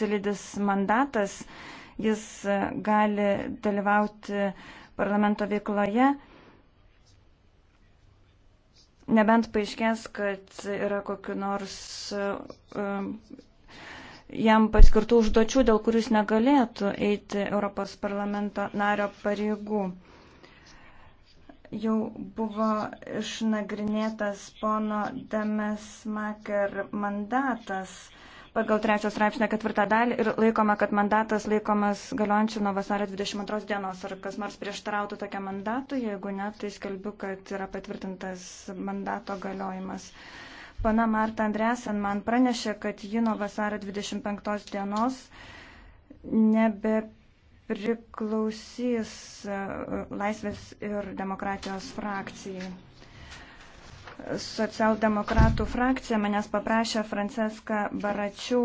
Silidis mandatas, jis gali dalyvauti parlamento veikloje, nebent paaiškės, kad yra kokiu nors jam paskirtų užduočių, dėl kurių jis negalėtų eiti Europos parlamento nario pareigų. Jau buvo išnagrinėtas pono Demesmaker mandatas pagal trečios raipsnio ketvirtą dalį ir laikoma, kad mandatas laikomas galiojančiu nuo vasario 22 dienos. Ar kas nors prieštarautų tokiam mandatui? Jeigu ne, tai skelbiu, kad yra patvirtintas mandato galiojimas. Pana Marta Andresen man pranešė, kad ji nuo vasario 25 dienos nebe priklausys e, Laisvės ir demokratijos frakcijai. Socialdemokratų frakcija manęs paprašė Franceską Baračių